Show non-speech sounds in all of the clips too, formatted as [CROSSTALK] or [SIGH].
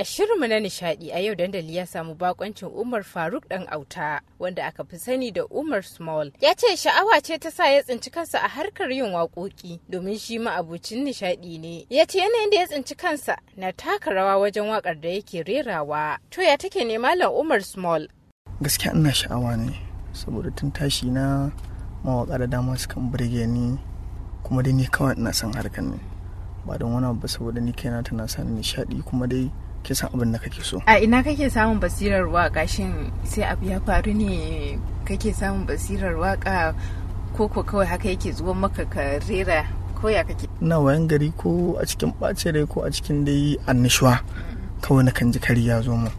A shirinmu na nishadi a yau dandali ya samu bakoncin Umar Faruk dan auta wanda aka fi sani da Umar Small. Ya ce sha'awa ce ta sa ya tsinci kansa a harkar yin waƙoƙi domin shi ma abucin nishadi ne. Ya ce yanayin da ya tsinci kansa na taka rawa wajen wakar da yake rerawa. To ya take ne Malam Umar Small? Gaskiya ina sha'awa ne saboda tun tashi na mawaƙa da dama sukan burge ni kuma dai ni kawai ina son harkar ne. Ba don wani abu saboda ni kaina tana sani nishadi nishaɗi kuma dai ke san abin da kake so a ina kake samun basirar waka shin sai abu ya faru ne kake samun basirar waka ko ko kawai haka yake zuwa maka ka rera ko ya kake na wayan gari ko a cikin ɓace rai ko a cikin dai annishuwa kawai na kan ji kari ya zo mu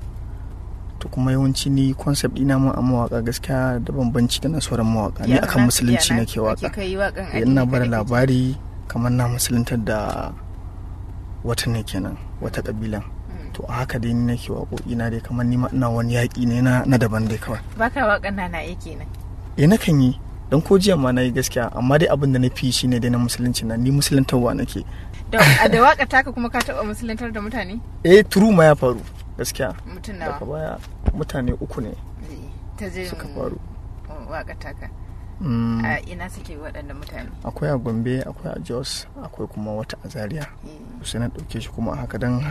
to kuma yawanci ni concept ina mu a mawaka gaskiya da bambanci da sauran mawaka ni akan musulunci nake waka eh, ina bar labari kamar na musuluntar da wata ne kenan wata kabilan to a haka dai ni nake waƙoƙi na dai kamar nima ina wani yaƙi ne na daban dai kawai ka waƙa na na yake nan eh kan yi dan ko jiya ma na yi gaskiya amma dai abin da na fi ne dai na musulunci na ni musuluntarwa nake da ta taka kuma ka taɓa musuluntar da mutane eh turu ma ya faru gaskiya mutum na daga baya mutane uku ne eh, ta je suka faru waka taka Mm. a ina suke waɗanda mutane akwai a gombe akwai a jos akwai kuma wata a Zariya. Eh. sai na ɗauke shi kuma haka don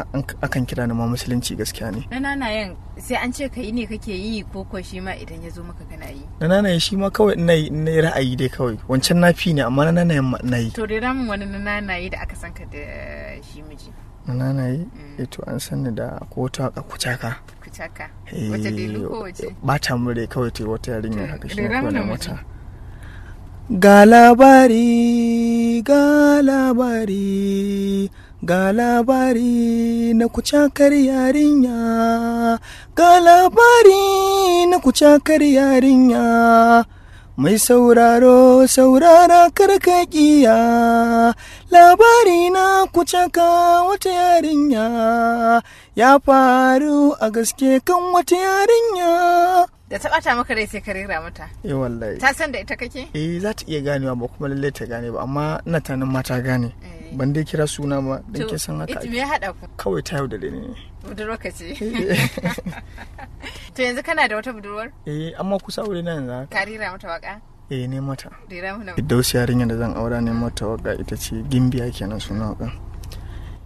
akan kira ni ma musulunci gaskiya ne na nanayen sai an ce ka yi ne kake yi ko ko shi ma idan ya zo maka kana yi na nanayen shi ma kawai ina yi ra'ayi dai kawai wancan na fi ne amma na nanayen ma ina yi to da ramin wani na nanaye da aka san ka da shi miji na nanaye mm. eh to an ni da ko ta kucaka kucaka eh, wata dai ko wace ba ta mure kawai ta wata yarinya haka shi ne ko wata Ga labari, ga labari, ga labari na kucakar yarinya, ga labari na kucakar yarinya. Mai sauraro saurara karkakiya, labari na kucaka wata yarinya, ya faru a gaske kan wata yarinya. da ta bata maka rai sai ka rera mata eh wallahi ta san da ita kake eh za ta iya ganewa ba kuma lalle ta gane ba amma ina tanin mata gane eh. ban dai kira suna ba dan ke san haka me hada ku kawai ta yau da Budurwa ka ce [LAUGHS] eh. [LAUGHS] to yanzu kana da wata budurwar eh amma kusa aure na yanzu ka rera mata waka eh ne mata rera mana Iddaus yarinya da zan aura ne mata waka ita ce Gimbiya kenan suna waka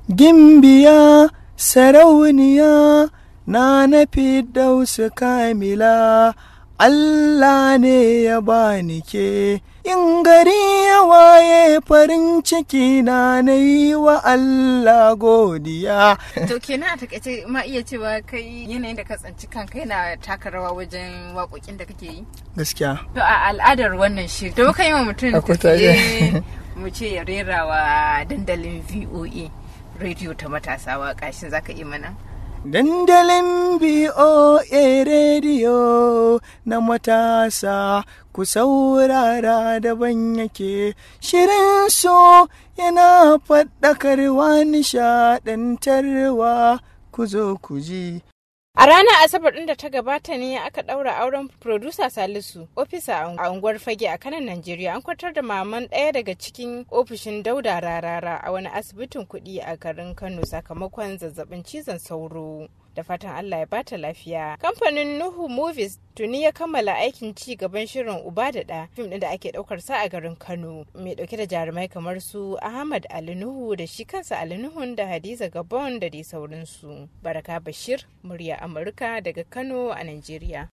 Gimbiya sarauniya na na fidausu kamila Allah ne ya bani ke in gari ya waye farin ciki na na yi wa Allah godiya. [LAUGHS] To kenan a takaice ma iya cewa kai yanayin da ka tsanci kanka yana taka rawa wajen waƙoƙin da kake yi? Gaskiya. To a al'adar wannan shi, to kan yi wa mutum da [LAUGHS] mu ce ya rera wa dandalin VOA radio ta matasa waƙa za zaka iya mana? Dandalin BOA Radio na matasa ku saurara daban yake shirin so yana faɗakarwa nishaɗantarwa ku zo ku ji. A ranar Asabar ɗin da ta gabata ne aka ɗaura auren producer Salisu, ofisa a unguwar Fage a kanan Najeriya an kwatar da maman ɗaya daga cikin ofishin Dauda Rarara a wani asibitin kuɗi a garin Kano sakamakon zazzabin cizon sauro. da fatan Allah ya bata lafiya. Kamfanin Nuhu Movies tuni ya kammala aikin ci gaban shirin Uba da ɗa fim ɗin da ake ɗaukar sa a garin Kano mai ɗauke da jarumai kamar su Ahmad Ali Nuhu da shi kansa Ali Nuhun da Hadiza Gabon da dai sauransu. Baraka Bashir, murya Amurka daga Kano a Najeriya.